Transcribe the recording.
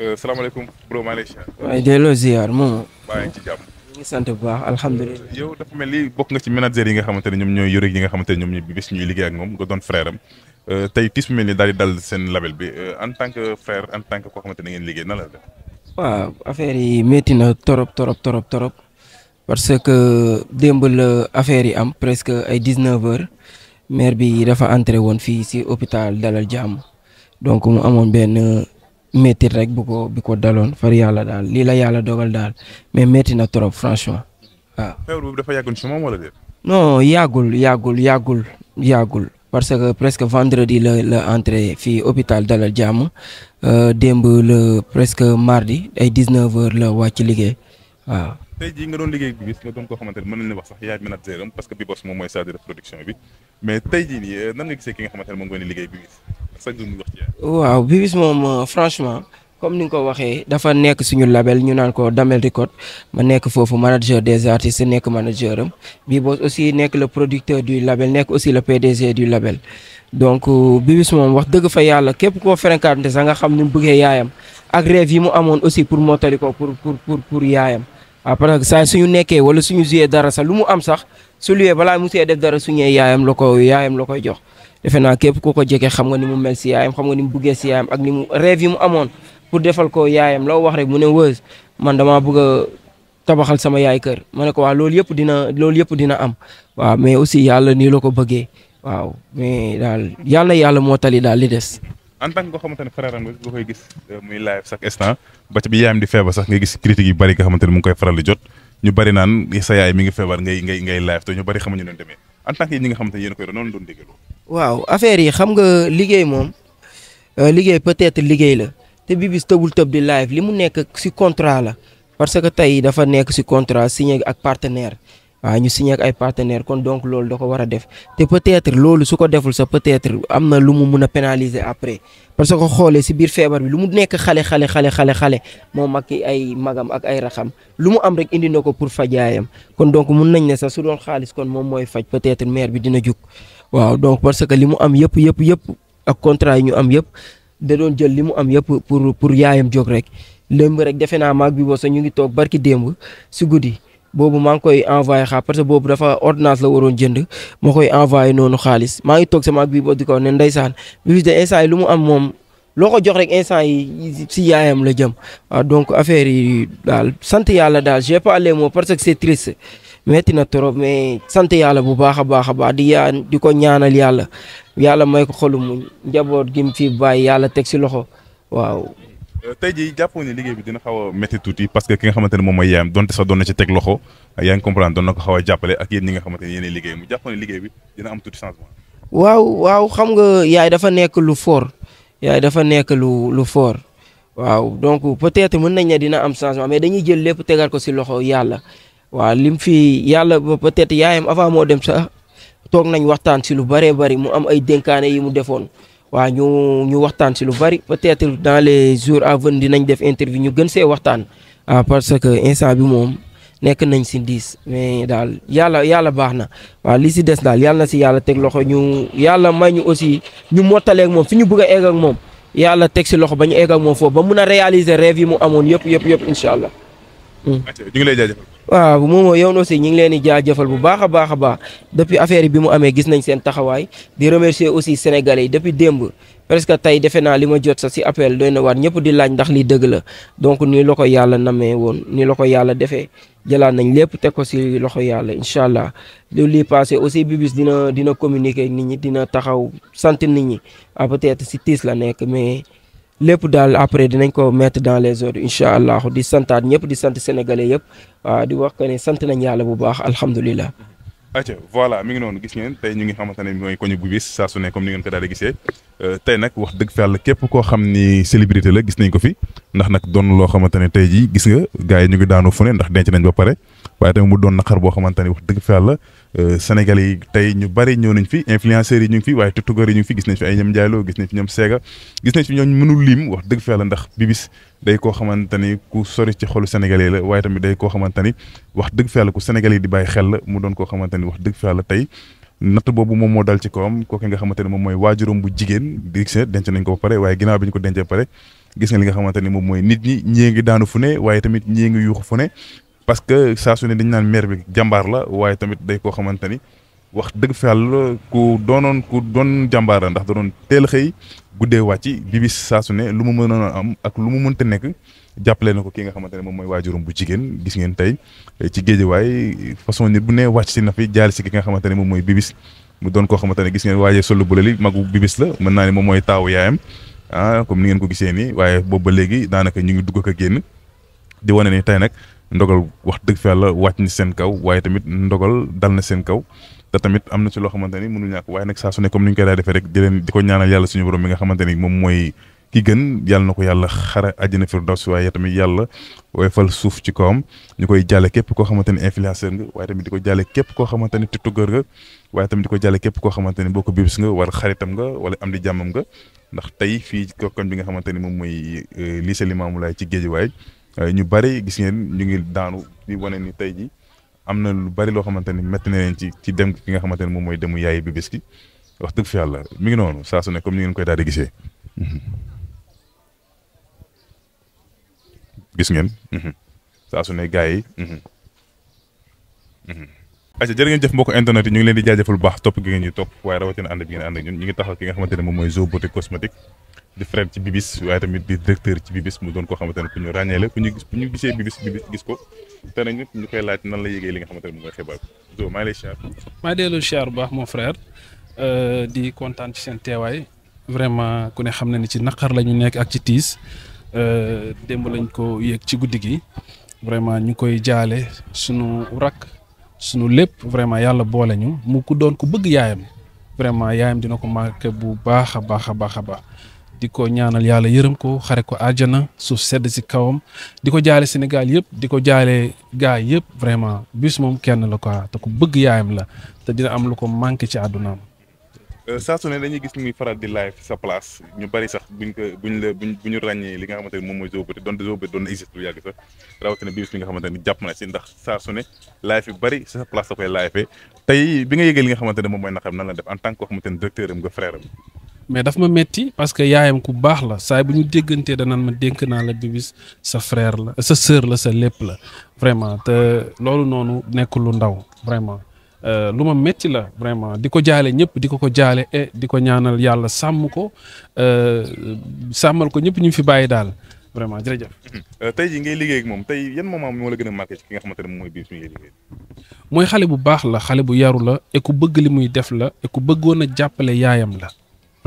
Euh, salaamaaleykum bro maa ngi lay waaye delloo ziar moom. baa ngi ci sant bu baax alhamdulilah. yow dafa mel ni bokk nga ci manager yi nga xamante ne ñoom ñooy yore yi nga xamante ne ñoom ñooy bis ñuy liggéey ak moom euh, tey tiis mu mel ni daal dal seen label bi euh, en tant que frère en tant que koo xamante ne ngeen waaw affaire yi métti na torop torop torop torop parce que démb la affaire yi am presque ay 19 heures maire bi dafa entré woon fii si hôpital Dalal Jàmm donc mu amoon benn. métti rek bu ko bi ko daloon far yàlla daal lii la yàlla dogal daal mais métti na trop franchement waaw. feebar dafa yàggoon si wala déet. yàggul yàggul yàggul yàggul parce que presque vendredi la la entrée fii hôpital Dalal Jàmm euh, démb la presque mardi ay 19h la wàcc liggéey waaw. tey jii nga doon liggéey bi gis nga doon koo xamante ne mën nañu wax sax yaay manager am parce que bi boss moom mooy chargé de production bi mais tey jii nii euh, nan nga gisee ki nga xamante ne moom nga sa dund wax waaw Bibis moom euh, franchement comme ni nga ko waxee dafa nekk suñu label ñu naan ko Damel Record ma nekk foofu manager des artistes nek manager am Bibos aussi nek le producteur du label nek aussi le PDG du label. donc euh, Bibis moom wax dëgg fa yàlla képp koo fréquenté sax nga xam ni mu bëggee ak rêve yi mu amoon aussi pour mottali pour pour pour pour yaayam. waaw parce que saa suñu nekkee wala suñu joué dara sax lu mu am sax su luwee balaa mu see def dara suñee yaayam la ko yaayam la koy jox. defe naa képp ku ko jege xam nga ni mu mel si yaayam xam nga ni mu buggee si yaayam ak ni mu rêve yi mu amoon pour defal ko yaayam la wax rek mu ne Weuz man damaa bëgg a tabaxal sama yaay kër ma ne ko waa loolu yëpp dina loolu yëpp dina am waa mais aussi yàlla nii la ko bëggee waaw mais daal yàlla yàlla moo tali daal li des. en tant que nga xamante ne frère am nga koy gis euh, muy live chaque instant ba bi yaayam di feebar sax nga gis critique yu bari nga xamante naan sa mi ngi feebar ngay ngay ngay ñu bari xamuñu ne demee en tant que ñi a koy doon noonu doon waaw affaire yi xam nga liggéey moom euh, liggéey peut-être liggéey la te Bibis tëbul tëb di live li mu nekk si contrat la parce que tey dafa nekk si contrat signé ak partenaire waaw ñu signé ak ay partenaires kon donc loolu da ko war a def te peut-être loolu su ko deful sax peut-être am na lu mu mun a pénaliser après parce que xoolee si biir feebar bi lu mu nekk xale xale xale xale xale moom ak ay magam ak ay raxam lu mu am rek indi na ko pour fajaayam kon donc mun nañ ne sax su doon xaalis kon moom mooy faj peut-être maire bi dina jug waaw donc parce que li mu am yëpp yëpp yëpp ak contrat yi ñu am yëpp da doon jël li mu am yëpp pour pour yaayam jóg rek lëmb rek defe naa maag bi boo sax ñu ngi toog barki démb si guddi. boobu maa ngi koy envoyé xaalis parce que boobu dafa ordonnance la waroon jënd moo koy envoyé noonu xaalis maa ngi toog sama ak bii ba di ko ne ndeysaan bi de instant yi lu mu am moom loo ko jox rek instant yi si yaayam la jëm waaw ah, donc affaire yi daal sant yàlla daal j'ai pas les moo parce que c'est triste metti na trop mais sant yàlla bu baax a baax a baax di yaa di ko ñaanal yàlla yàlla may ko xolu muñ njaboot gi mu fi bàyyi yàlla teg si loxo waaw tey jii jàppoo ne liggéey bi dina xaw a métti tuuti parce que ki nga xamante ne moom mooy yaayam donte sax doon na ci teg loxo yaa ngi comprendre doon na ko a jàppale ak waaw xam nga yaay dafa nekk lu foor yaay dafa nekk lu lu fort waaw donc peut-être mën nañ ne dina am changement mais dañuy jël lépp tegal ko si loxo yàlla waaw lim fi yàlla ba peut-être yaayam avant moo dem sax toog nañ waxtaan si lu bëree bari mu am ay dénkaane yi mu defoon waa ñu ñu waxtaan si lu bari peut-être dans les jours à venir dinañ def interview ñu gën see waxtaan. ah parce que instant bi moom nekk nañ si diis mais daal yàlla yàlla baax na waaw li si des daal yàlla na si yàlla teg loxo ñu yàlla may ñu aussi ñu mottale moom fu ñu bëgg a moom yàlla teg si loxo ba ñu egg ak moom foofu ba mun a réaliser rêve yi mu amoon yëpp yëpp yëpp incha allah. Hmm. ñu ngi waaw moom yow aussi ñu ngi leen di jaajëfal bu baax a baax a baax depuis affaire bi mu amee gis nañ seen taxawaay di remercier aussi sénégalais yi depuis démb presque tey defe naa li ma jot sa si appel doy na waat ñëpp di laaj ndax li dëgg la donc nii la ko yàlla namee woon nii la ko yàlla defee jëlaat nañ lépp teg ko si loxo yàlla incha allah. li lii passé aussi Bibis dina dina communiquer nit ñi dina taxaw sant nit ñi ah peut si tiis la nekk mais. lépp dal après dinañ ko mettre dans les heures inshallah di santat ñëpp di sant sénégalais yëpp ah, di wax que ne sant nañ yalla bu baax alhamdoulillah atia voilà mi ngi non gis ngeen tay ñu ngi xamantane moy koñu bu bis sa su ne comme ni ngeen ko daal gisé euh, tay nak wax dëgg fa yàlla képp ko xamni célébrité la gis nañ ko fi ndax nak don lo xamantane tay ji jii gis nga gaay ñu ngi daanu fu ndax denc nañ ba paré waaye tamit mu doon naqar bo xamantane wax dëgg fa yàlla Euh, sénégalais yi tey ñu bari ñëw nañ fi influenceurs yi ñu ngi fi waaye tiktokeurs yi ñu ngi fi gis nañ fi ay ñoom njaayloo gis nañ fi ñoom seega gis nañ fi ñooñ mënul lim wax dëgg fa yàlla ndax bibis day koo xamante ni ku sori ci xolu sénégalais la waaye tamit day koo xamante ni wax dëgg fa yàlla ku sénégalais yi di bàyyi xel mu doon koo xamante ni wax dëgg fa yàlla tey natt boobu moom moo dal ci kawam kooku nga xamante ne moom mooy waajuram bu jigéen digse denc nañ ko ba pare waaye ginnaaw bi ñu ko dencee pare gis nga li nga xamante ni moom mooy nit ñi ñii ngi daanu fu ne waaye tamit ñii ngi yuuxu fu parce que saa su ne naan maire bi jàmbaar la waaye tamit day koo xamante ni wax dëgg fa yàlla ku doonoon ku doon jàmbaar la ndax da doon teel xëy guddee wàcc bi bis saa ne lu mu mën a am ak lu mu mën te nekk jàppale na ko ki nga xamante ne moom mooy waajuram bu jigéen gis ngeen tey ci géejewaay façon nit bu nee wàcc si na fi si ki nga xamante ne moom mooy bibis mu doon koo xamante ne gis ngeen waajee solo bu lali magu bibis la mën naa ne moom mooy taawu yaayam ah, comme ni ngeen ko gisee nii waaye boobu ba léegi daanaka ñu ngi dugg ak a génn di wane nii tey nag ndogal wax dëgg fa yàlla wàcc na seen kaw waaye tamit ndogal dal na seen kaw te tamit am na ci loo xamante ni mënul ñàkk waaye nag saa su ne comme ni ñu koy daa defee rek di leen di ko ñaanal yàlla suñu borom mi nga xamante ni moom mooy ki gën yàlla na ko yàlla xara waaye tamit yàlla woyofal suuf ci kawam ñu koy jàlle képp koo xamante ni influenceur nga waaye tamit di ko xamante ni tiktokeur nga waaye tamit ko jàlle képp koo xamante ni bokk bibis nga wala xaritam nga wala am di jàmmam nga ndax tey fii kokkan bi nga xamante ni moom mooy euh, lycée Limamoulaye ci Guédiawaye Euh, ñu bari gis ngeen ñu ngi daanu di wone ni tey ji am na lu bari loo xamante ni métti na leen ci ci dem ki nga xamante ni moom mooy demu yaay bi bés ki wax dëgg fi yàlla mi ngi noonu saa su ne comme ni ngeen koy daal di gisee. Mhm. gis ngeen. Mhm. saa su ne gars yi. Mhm. ayca jërë ngeen jëf mbokk internet yi ñu ngi leen di jaajëfal bu baax topp gi ngeen ñu topp waaye rawatina ànd bi ngeen ànd ñun ñu ngi taxaw ki nga xamante ne moom mooy Zo Beauté Cosmétique di frère ci bibis waye tamit di directeur ci bibis mu doon ko xamante ku ñu ku ñu gis ñu gisee bibis bibis gis ko té nañu ñu koy laaj nan la yégué li nga xamante mu ngi xébal do ma lay siyaar ma délu siyaar bax mon frère euh, di kontaan ci sen téway vraiment ku ne xamna ni ci nakar la nekk ak ci euh demb lañ ko yëg ci guddigi vraiment ñu koy jaalé sunu rak sunu lepp vraiment yalla boole ñu mu ku doon ku bëgg yaayam vraiment yaayam dina ko marqué bu baaxa baaxa baaxa baax di ko ñaanal yàlla yërëm ko xare ko àjjana su sedd si kawam di ko jaale Sénégal yëpp di ko jaale gaay yëpp vraiment Bus moom kenn la quoi te ku bëgg yaayam la te dina am lu ko manqué ci àddunaam. Euh, saa su ne dañuy gis sa place la buñ bu ñu na existe lu na si ndax saa su ne live yu bari sa place da koy live tey bi nga yëgee li nga xamante moom mooy naqam nan la def en tant que koo directeur am nga frère am mais dafa ma metti parce que yaayam ku baax la saay bu ñu déggantee danaan ma dénk naa la bibis sa frère la sa sœur la sa lépp la vraiment te loolu noonu nekk lu ndaw vraiment euh, lu ma metti la vraiment di ko jaale ñëpp di ko ko jaale e di ko ñaanal yàlla sàmm ko euh, sàmmal ko ñëpp ñu fi bàyyi daal vraiment jërëjëf. Euh, tey jii ngay liggéey moom tey yan moment moo la gën a marqué ci ki nga xamante mooy Bibis mi ngay liggéey. mooy xale bu baax la xale bu yaru la et ku bëgg li muy def la et ku bëggoon a jàppale yaayam la.